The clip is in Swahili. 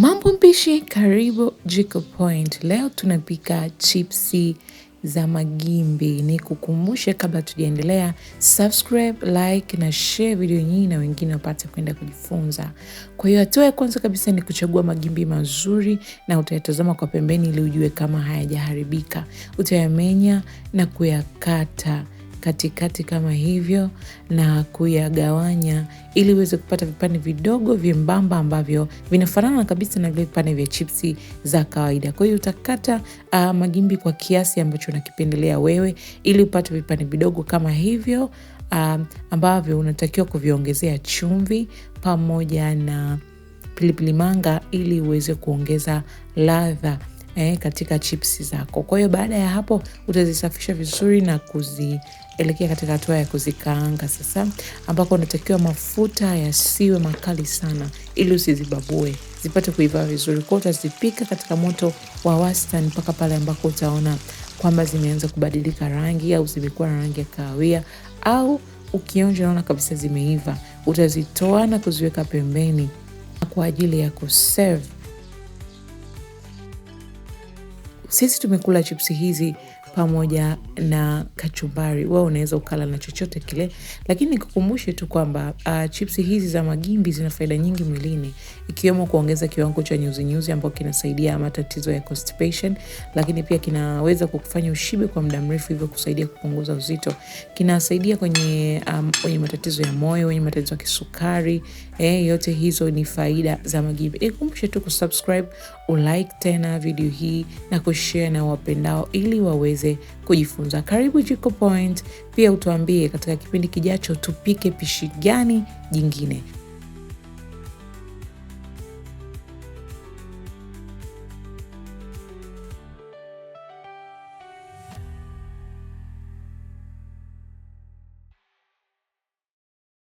Mambo mpishi, karibu Jiko Point. Leo tunapika chipsi za magimbi. Ni kukumbushe kabla tujaendelea, subscribe, like na share video nyingi na wengine wapate kwenda kujifunza. Kwa hiyo hatua ya kwanza kabisa ni kuchagua magimbi mazuri na utayatazama kwa pembeni ili ujue kama hayajaharibika. Utayamenya na kuyakata katikati kama hivyo na kuyagawanya ili uweze kupata vipande vidogo vyembamba ambavyo vinafanana kabisa na vile vipande vya chipsi za kawaida. Kwa hiyo utakata uh, magimbi kwa kiasi ambacho unakipendelea wewe ili upate vipande vidogo kama hivyo uh, ambavyo unatakiwa kuviongezea chumvi pamoja na pilipili manga ili uweze kuongeza ladha eh, katika chips zako. Kwa hiyo baada ya hapo utazisafisha vizuri na kuzielekea katika hatua ya kuzikaanga sasa, ambako unatakiwa mafuta yasiwe makali sana, ili usizibabue zipate kuiva vizuri. Kwa utazipika katika moto wa wastani mpaka pale ambako utaona kwamba zimeanza kubadilika rangi au zimekuwa na rangi ya kahawia au ukionja unaona kabisa zimeiva, utazitoa na kuziweka pembeni kwa ajili ya kuserve Sisi tumekula chipsi hizi pamoja na kachumbari. Wewe unaweza ukala na chochote kile, lakini nikukumbushe tu kwamba uh, chipsi hizi za magimbi zina faida nyingi mwilini, ikiwemo kuongeza kiwango cha nyuzinyuzi ambao kinasaidia matatizo ya constipation, lakini pia kinaweza kukufanya ushibe kwa muda mrefu, hivyo kusaidia kupunguza uzito. Kinasaidia kwenye, um, ah, kwenye matatizo ya moyo, kwenye matatizo ya kisukari eh, yote hizo ni faida za magimbi. Nikukumbushe tu kusubscribe, ulike tena video hii na kushare na wapendao ili waweze uweze kujifunza. Karibu Jiko Point, pia utuambie katika kipindi kijacho tupike pishi gani jingine.